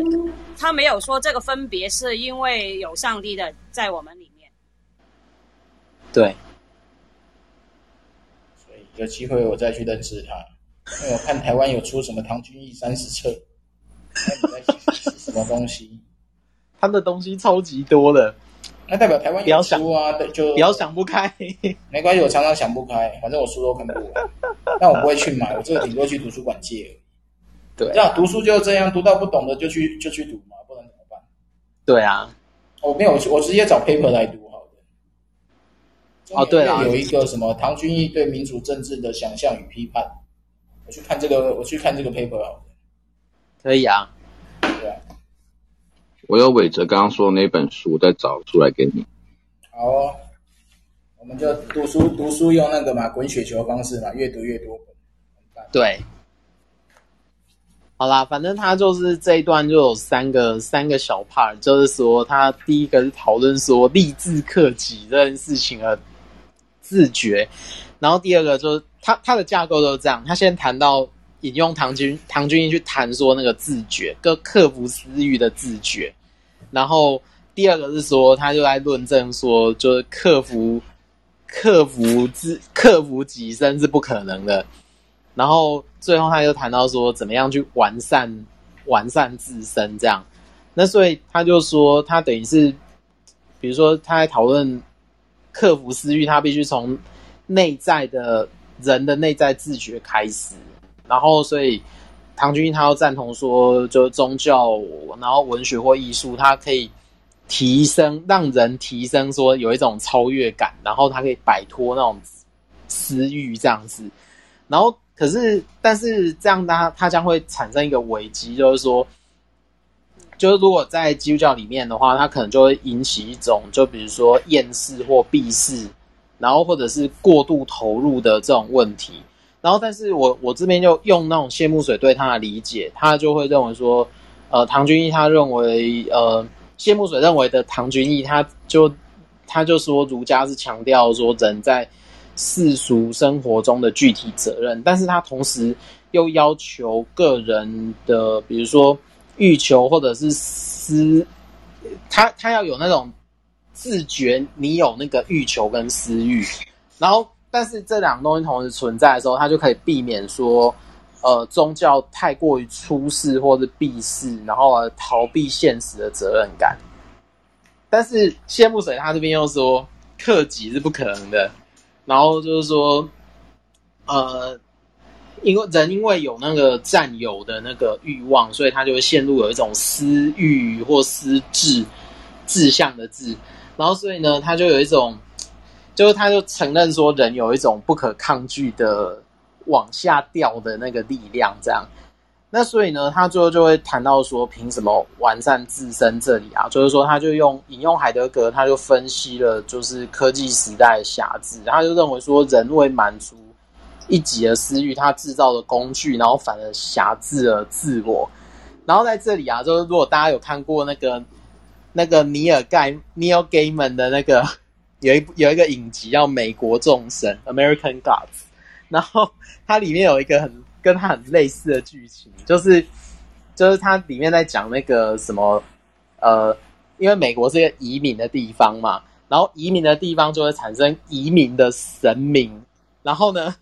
他沒有說這個分別是因為有上帝的在我們裡面。對，所以有機會我再去認識他，因為我看台灣有出什麼唐君毅三十冊，哈，你在想什麼東西？ [laughs] 他的東西超級多的。那代表台灣也輸啊，不要想就不要想不開。 [laughs] 沒關係，我常常想不開，反正我書都看不完， [laughs] 但我不會去買，我這個頂多去圖書館借。對、啊，這樣讀書就這樣，讀到不懂的就去就去讀嘛，不然怎麼辦？對啊，我沒有，我直接找 paper 來讀好的。哦、嗯，對啊，有一個什麼、啊啊、唐君毅對民主政治的想象與批判，我去看這個，我去看這個 paper 好了。可以啊。我有偉哲剛剛說的那本書，再找出來給你。好哦，我們就讀書讀書，用那個嘛，滾雪球的方式嘛，越讀越多。對，好啦，反正他就是這一段就有三個三個小 part，就是說他第一個是討論說立志克己這件事情的自覺，然後第二個就是他他的架構都是這樣，他先談到。引用唐君唐君毅去談說那個自覺，跟克服私欲的自覺。然後第二個是說，他就在論證說，就是克服克服自克服己身是不可能的。然後最後他就談到說，怎麼樣去完善完善自身，這樣。那所以他就說，他等於是，比如說他在討論克服私欲，他必須從內在的人的內在自覺開始。然後，所以唐君毅他要贊同說，就是宗教，然後文學或藝術，他可以提升，讓人提升，說有一種超越感，然後他可以擺脫那種私欲這樣子。然後，可是，但是這樣他他將會產生一個危機，就是說，就是如果在基督教裡面的話，他可能就會引起一種，就比如說厭世或避世，然後或者是過度投入的這種問題。然後，但是我我這邊就用那種謝木水對他的理解，他就會認為說，呃，唐君毅他認為，呃，謝木水認為的唐君毅他，他就他就說，儒家是強調說人在世俗生活中的具體責任，但是他同時又要求個人的，比如說欲求或者是私，他他要有那種自覺，你有那個欲求跟私欲，然後。但是這兩個東西同時存在的時候，他就可以避免說，呃，宗教太過於出世或是避世，然後而逃避現實的責任感。但是謝木水他這邊又說克己是不可能的，然後就是說，呃，因為人因為有那個佔有的那個慾望，所以他就會陷入有一種私慾或私志志向的志，然後所以呢，他就有一種，就是他，就承認說人有一種不可抗拒的往下掉的那個力量，這樣。那所以呢，他最後就會談到說，憑什麼完善自身？這裡啊，就是說，他就用引用海德格，他就分析了，就是科技時代的瑕疵，他就認為說，人為滿足一己的私欲，他製造的工具，然後反而瑕疵了自我。然後在這裡啊，就是如果大家有看過那個那個尼爾蓋尼爾蓋曼的那個。有一有一個影集叫《美國眾神》（American Gods），然後它裡面有一個很跟它很類似的劇情，就是就是它裡面在講那個什麼呃，因為美國是一個移民的地方嘛，然後移民的地方就會產生移民的神明，然後呢，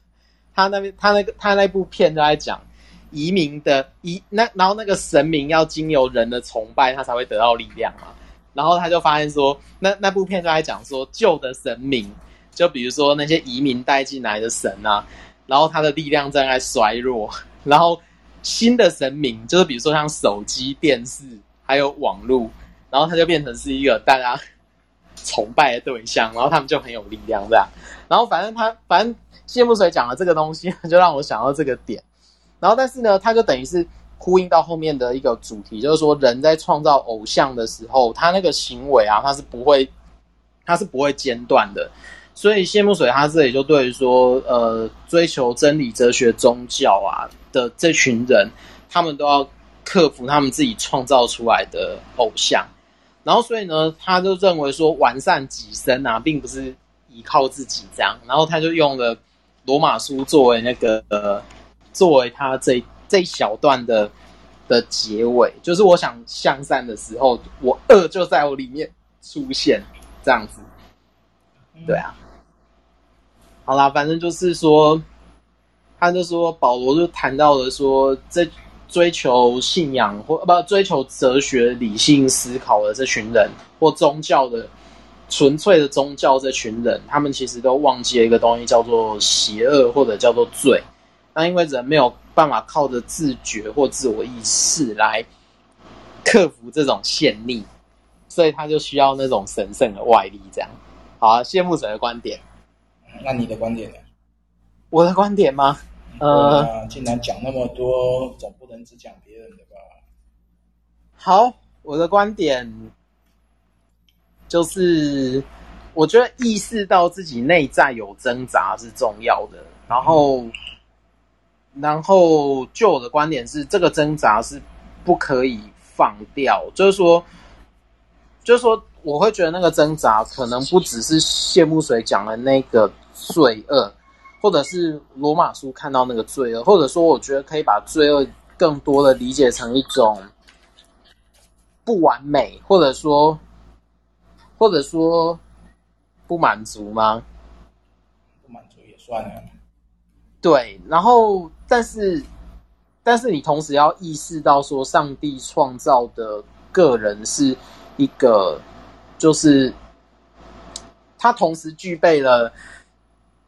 他那邊他那個他那部片就在講移民的移那，然後那個神明要經由人的崇拜，他才會得到力量嘛。然後他就發現說，那那部片就在講說，舊的神明，就比如說那些移民帶進來的神啊，然後他的力量正在衰弱，然後新的神明，就是比如說像手機、電視還有網絡，然後他就變成是一個大家崇拜的對象，然後他們就很有力量這樣。然後反正他，反正謝木水講了這個東西，就讓我想到這個點。然後但是呢，他就等於是。呼應到後面的一個主題，就是說人在創造偶像的時候，他那個行為啊，他是不會，他是不會間斷的。所以謝木水他這裡就對於說，呃，追求真理、哲學、宗教啊的這群人，他們都要克服他們自己創造出來的偶像。然後，所以呢，他就認為說，完善己身啊，並不是依靠自己這樣。然後，他就用了羅馬書作為那個，呃，作為他這一。這一小段的的結尾，就是我想向善的時候，我惡就在我裡面出現，這樣子，對啊。好啦，反正就是說，他就說保羅就談到了說，這追，追求信仰或不追求哲學理性思考的這群人，或宗教的純粹的宗教這群人，他們其實都忘記了一個東西，叫做邪惡或者叫做罪。那因為人沒有。辦法靠着自覺或自我意識來克服這種限力，所以他就需要那種神聖的外力。這樣，好、啊，謝木水的觀點。那你的觀點呢、啊？我的觀點嗎？哦啊、呃，既然講那麼多，總不能只講別人的吧？好，我的觀點就是，我覺得意識到自己內在有掙扎是重要的，然後。嗯然後，就我的觀點是，這個掙扎是不可以放掉。就是說，就是說，我會覺得那個掙扎可能不只是謝木水講的那個罪惡，或者是羅馬書看到那個罪惡，或者說，我覺得可以把罪惡更多的理解成一種不完美，或者說，或者說不滿足嗎？不滿足也算了。對，然後。但是，但是你同時要意識到，說上帝創造的個人是一個，就是他同時具備了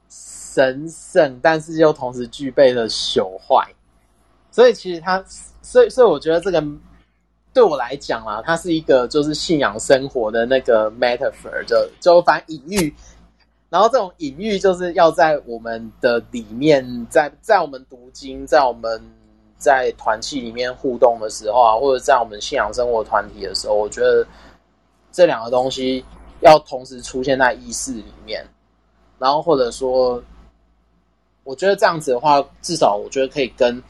神聖，但是又同時具備了朽壞。所以，其實他，所以，所以我覺得這個對我來講啊，他是一個就是信仰生活的那個 metaphor 就，就反隱喻。然後這種隱喻就是要在我們的裡面在，在在我們讀經，在我們在團契裡面互動的時候啊，或者在我們信仰生活團體的時候，我覺得這兩個東西要同時出現在意識裡面。然後或者說，我覺得這樣子的話，至少我覺得可以跟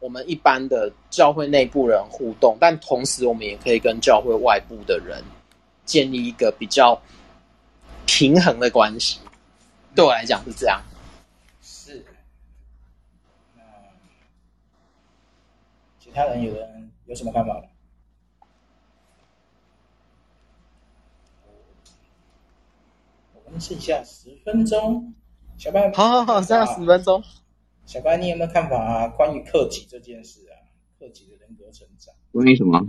我們一般的教會內部人互動，但同時我們也可以跟教會外部的人建立一個比較平衡的關係。對我來講是這樣，是。那其他人有人有什麼看法嗎？我們剩下十分鐘，小白，好好好，剩下十分鐘。小白，你有沒有看法啊？關於克己這件事啊，克己的人格成長。關於什麼？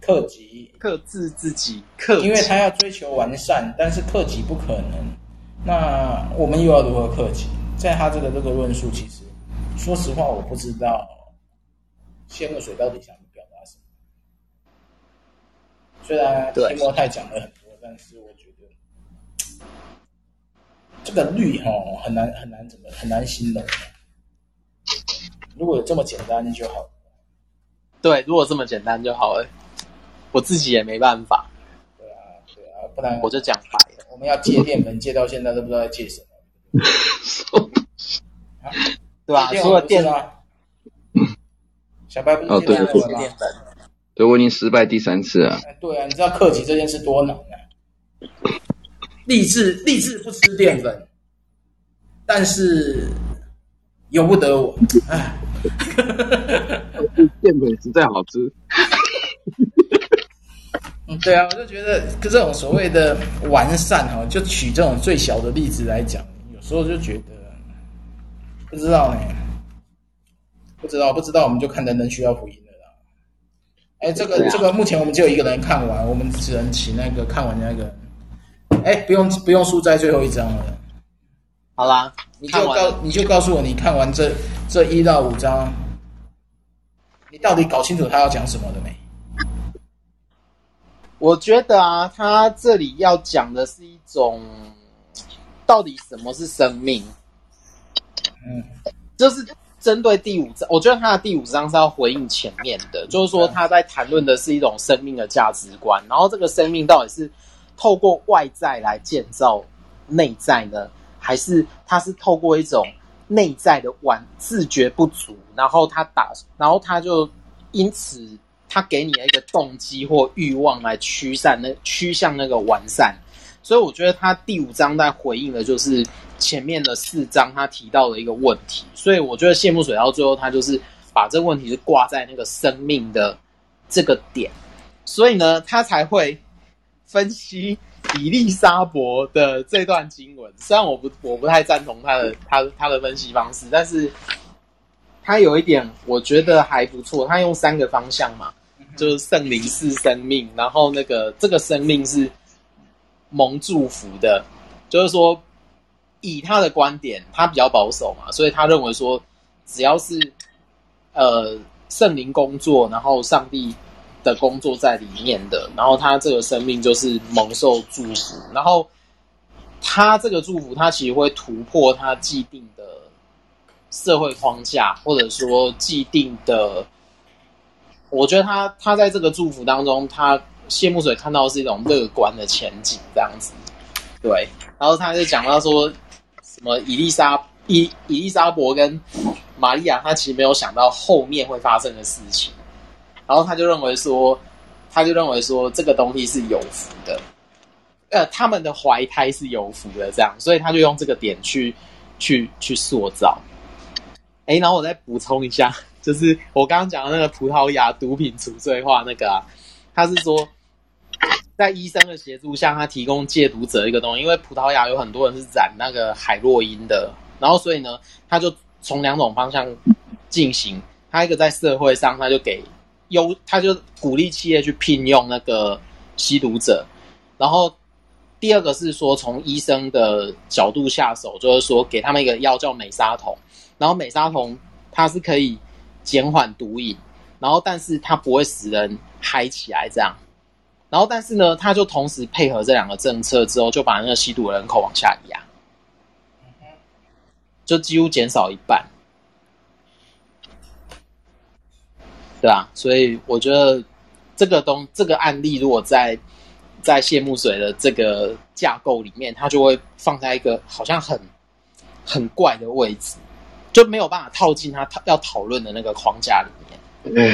克己，克制自己，克。因為他要追求完善，但是克己不可能。那我們又要如何克己？在他這個這個論述，其實說實話，我不知道謝木水到底想表達什麼。雖然聽莫泰講了很多，對但是我覺得這個綠哈、哦、很難很難怎麼很難形容。如果有這麼簡單就好了。對，如果這麼簡單就好了，我自己也沒辦法。對啊，對啊，不然我就講白。我們要借澱粉，借到現在都不知道在借什麼、 [laughs] 啊，對吧？借了澱粉，嗯、小白不電哦對對對，澱粉，所以我已經失敗第三次啊、哎！對啊，你知道克己這件事多難啊！立志立志不吃澱粉， [laughs] 但是由不得我，哈澱 [laughs] 粉實在好吃。 [laughs] 嗯，對啊，我就覺得這種所謂的完善哈，就舉這種最小的例子來講，有時候就覺得不知道呢。不知道不知道，我們就看能不能需要福音的啦。哎，這個這個目前我們只有一個人看完，我們只能請那個看完那個。哎，不用不用輸在最後一章了。好啦，你就告你就告訴我，你看完這這一到五章，你到底搞清楚他要講什麼了沒？我覺得啊，他這裡要講的是一種到底什麼是生命？嗯，就是針對第五章，我覺得他的第五章是要回應前面的，就是說他在談論的是一種生命的價值觀，然後這個生命到底是透過外在來建造內在呢，還是他是透過一種內在的完自覺不足，然後他打，然後他就因此。他給你一個動機或欲望來驅散那趨向那個完善，所以我覺得他第五章在回應的就是前面的四章他提到的一個問題，所以我覺得謝木水到最後他就是把這問題是掛在那個生命的這個點，所以呢，他才會分析以利沙伯的這段經文，雖然我不我不太贊同他的他他的、的分析方式，但是他有一點我覺得還不錯，他用三個方向嘛。就是聖靈是生命，然後那個這個生命是蒙祝福的，就是說以他的觀點，他比較保守嘛，所以他認為說，只要是呃聖靈工作，然後上帝的工作在裡面的，然後他這個生命就是蒙受祝福，然後他這個祝福，他其實會突破他既定的社會框架，或者說既定的。我覺得他他在這個祝福當中，他謝木水看到的是一種樂觀的前景這樣子。對，然後他就講到說，什麼以利沙以以利沙伯跟瑪利亞，他其實沒有想到後面會發生的事情，然後他就認為說，他就認為說這個東西是有福的，呃，他們的懷胎是有福的這樣，所以他就用這個點去去去塑造。哎，然後我再補充一下。就是我剛剛講的那個葡萄牙毒品除罪化那個啊，他是說在醫生的協助下，他提供戒毒者一個東西，因為葡萄牙有很多人是染那個海洛因的，然後所以呢，他就從兩種方向進行，他一個在社會上，他就給優，他就鼓勵企業去聘用那個吸毒者，然後第二個是說從醫生的角度下手，就是說給他們一個藥叫美沙酮，然後美沙酮它是可以。減緩毒癮，然後但是它不會使人嗨起來，這樣，然後但是呢，它就同時配合這兩個政策之後，就把那個吸毒的人口往下壓啊，就幾乎減少一半，對吧啊？所以我覺得這個東這個案例，如果在在謝木水的這個架構裡面，它就會放在一個好像很很怪的位置。就沒有辦法套進他討要討論的那個框架裡面。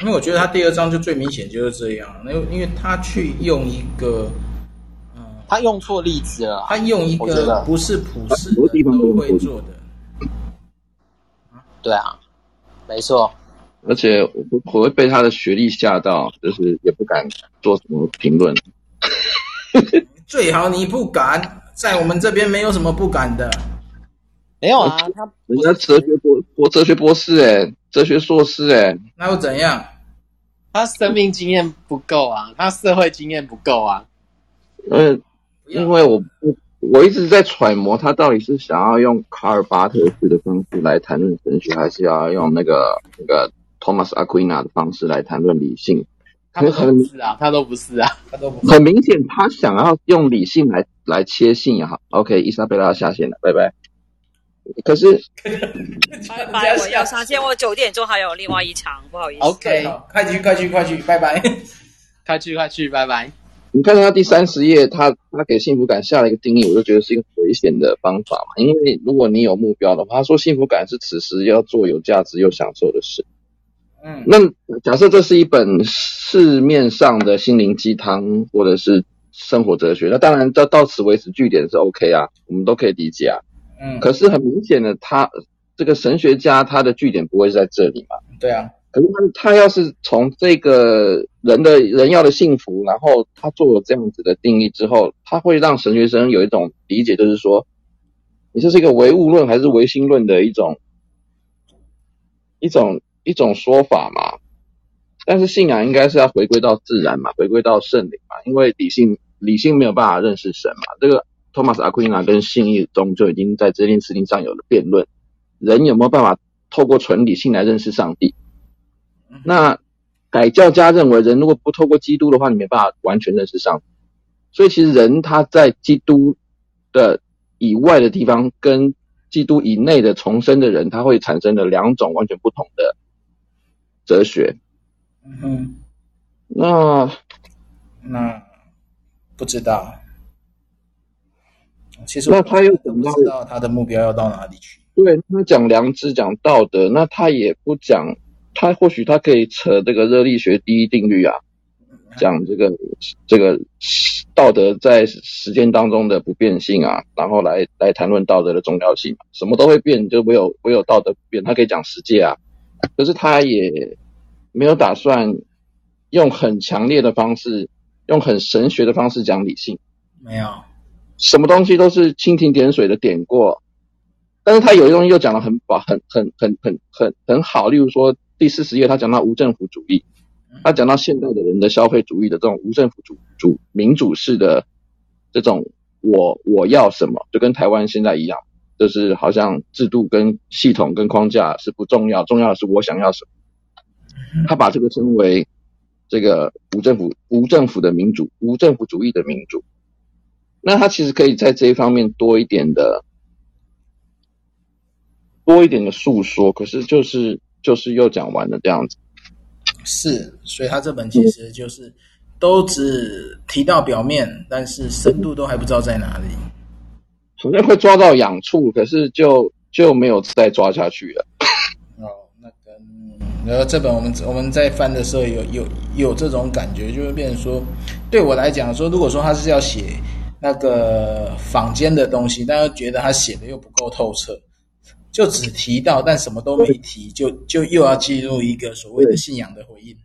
因為我覺得他第二章就最明顯就是這樣，因為因為他去用一個，他用錯例子了，他用一個不是普世的都會做的。對啊，沒錯。而且我會被他的學歷嚇到，就是也不敢做什麼評論。最好你不敢，在我們這邊沒有什麼不敢的。沒有啊，他人家哲學博博哲學博士哎、欸，哲學碩士哎、欸，那又怎樣？他生命經驗不夠啊， [laughs] 他社會經驗不夠啊。嗯，因為我我一直在揣摩他到底是想要用卡爾巴特斯的方式來談論神學，還是要用那個、嗯、那個托馬斯阿奎納的方式來談論理性他不是啊，他都不是啊，他都不是啊，他都不是，很明顯，他想要用理性來來切信也好。OK，伊莎貝拉下線了，拜拜。可是，拜拜！我要上線，我九點鐘還有另外一場， [laughs] 不好意思。OK，快去好快去快去，拜拜！ [laughs] 快去快去，拜拜！你看到他第三十頁，他他給幸福感下了一個定義，我就覺得是一個危險的方法嘛。因為如果你有目標的話，他說幸福感是此時要做有價值又享受的事。嗯，那假設這是一本市面上的心靈雞湯或者是生活哲學，那當然到到此為止句點是 OK 啊，我們都可以理解啊。嗯，可是很明顯的他，他這個神學家他的據點不會在這裡嘛？對啊，可是他他要是從這個人的人要的幸福，然後他做了這樣子的定義之後，他會讓神學生有一種理解，就是說，你這是一個唯物論還是唯心論的一種、嗯、一種一種說法嘛？但是信仰應該是要回歸到自然嘛，回歸到聖靈嘛，因為理性理性沒有辦法認識神嘛，這個。托馬斯·阿奎那跟信義宗就已經在這件事情上有了辯論：人有沒有辦法透過純理性來認識上帝？那改教家認為，人如果不透過基督的話，你沒辦法完全認識上帝。所以，其實人他在基督的以外的地方，跟基督以內的重生的人，他會產生了兩種完全不同的哲學。嗯。嗯，那那不知道。其實那他又怎麼知道他的目標要到哪裡去？對，他講良知、講道德，那他也不講。他或許他可以扯這個熱力學第一定律啊，講這個這個道德在時間當中的不變性啊，然後來來談論道德的重要性。什麼都會變，就唯有唯有道德不變。他可以講世界啊，可是他也沒有打算用很強烈的方式，用很神學的方式講理性。沒有。什麼東西都是蜻蜓點水的點過，但是他有些東西又講得很飽，很很很很很很好。例如說第四十頁，他講到無政府主義，他講到現在的人的消費主義的這種無政府主主民主式的這種我我要什麼，就跟台灣現在一樣，就是好像制度跟系統跟框架是不重要，重要的是我想要什麼。他把這個稱為這個無政府無政府的民主，無政府主義的民主。那他其實可以在這一方面多一點的，多一點的訴說，可是就是就是又講完了這樣子。是，所以他這本其實就是都只提到表面，嗯、但是深度都還不知道在哪裡。首先會抓到癢處，可是就就沒有再抓下去了。哦，那然後這本我們我們在翻的時候有有有這種感覺，就會變成說，對我來講說，如果說他是要寫。那個坊間的東西，大家覺得他寫的又不夠透徹，就只提到，但什麼都沒提，對就就又要進入一個所謂的信仰的回應。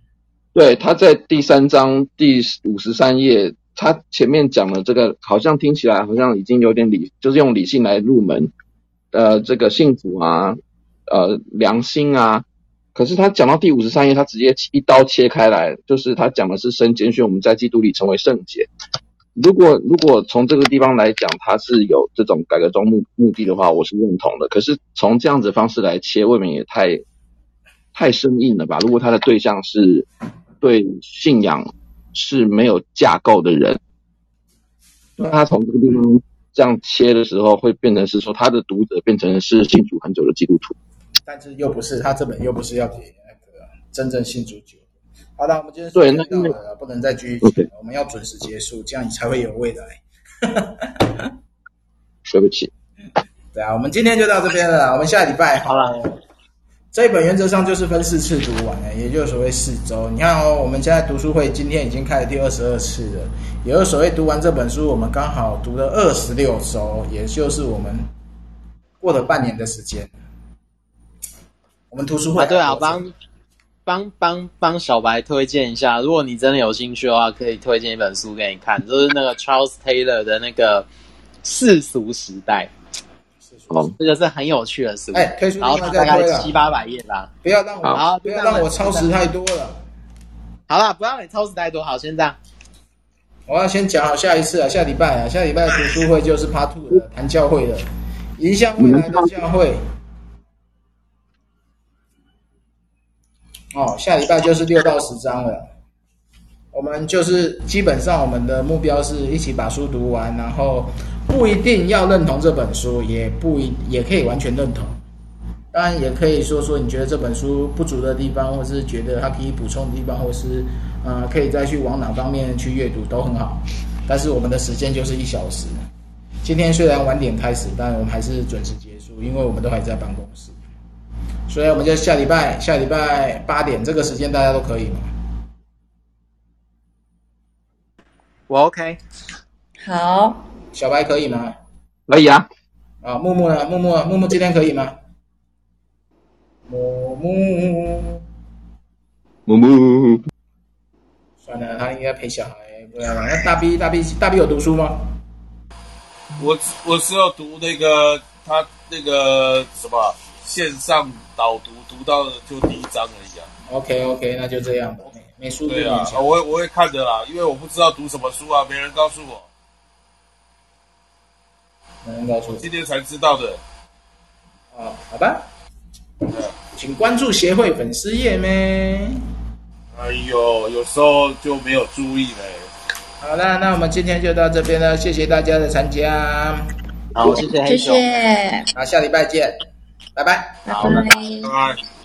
對，他在第三章第五十三頁，他前面講了這個，好像聽起來好像已經有點理，就是用理性來入門，呃，這個幸福啊，呃，良心啊，可是他講到第五十三頁，他直接一刀切開來，就是他講的是聖潔，就我們在基督裡成為聖潔。如果如果從這個地方來講，他是有這種改革宗目目的的話，我是認同的。可是從這樣子方式來切，未免也太太生硬了吧？如果他的對象是對信仰是沒有架構的人，那對他從這個地方這樣切的時候，會變成是說他的讀者變成是信主很久的基督徒。但是又不是，他這本又不是要給那個真正信主久。好了，我們今天做人道不能再繼續那我們要準時結束，對這樣你才會有未來。 [laughs] 對不起。對啊，我們今天就到這邊了。我們下禮拜好了。好啦這一本原則上就是分四次讀完了，也就所謂四周。你看哦，我們現在讀書會今天已經開了第二十二次了，也就所謂讀完這本書，我們剛好讀了二十六周，也就是我們過了半年的時間。我們讀書會對，啊。幫幫幫幫小白推薦一下，如果你真的有興趣的話，可以推薦一本書給你看，就是那個 Charles Taylor 的那個《世俗時代》，世俗時代哦。這個是很有趣的書，哎、欸，可以是是，然後大概七八百頁吧。不要讓我，好不要讓我超時太多了。好了，不要讓你超時太多，好，先這樣。我要先講好下一次啊，下禮拜啊，下禮拜讀書會就是 Part Two 的，談、嗯、教會的，迎向未來的教會。嗯哦，下禮拜就是六到十章了。我們就是基本上，我們的目標是一起把書讀完，然後不一定要認同這本書，也不一也可以完全認同。當然，也可以說說你覺得這本書不足的地方，或是覺得它可以補充的地方，或是嗯、呃，可以再去往哪方面去閱讀都很好。但是我們的時間就是一小時。今天雖然晚點開始，但我們還是準時結束，因為我們都還在辦公室。所以我們就下禮拜，下禮拜八點這個時間大家都可以嗎？我 OK，好、哦。小白可以嗎？可以啊。啊、哦，木木呢？木木，木木今天可以嗎？木木木木。算了，他應該陪小孩，不然那大逼、大逼、大逼有讀書嗎？我我是要讀那個他那個什麼線上。好、啊，讀讀到的就第一章而已樣、啊、OK OK，那就這樣。OK，我沒書對啊。我會我會看的啦，因為我不知道讀什麼書啊，沒人告訴我。沒人告訴我，我今天才知道的。哦，好吧。啊對，請關注協會粉絲頁咩。哎呦，有時候就沒有注意呢。好了，那我們今天就到這邊了，謝謝大家的參加。好，謝謝黑熊。謝謝。啊，下禮拜見。拜拜，拜拜，拜拜。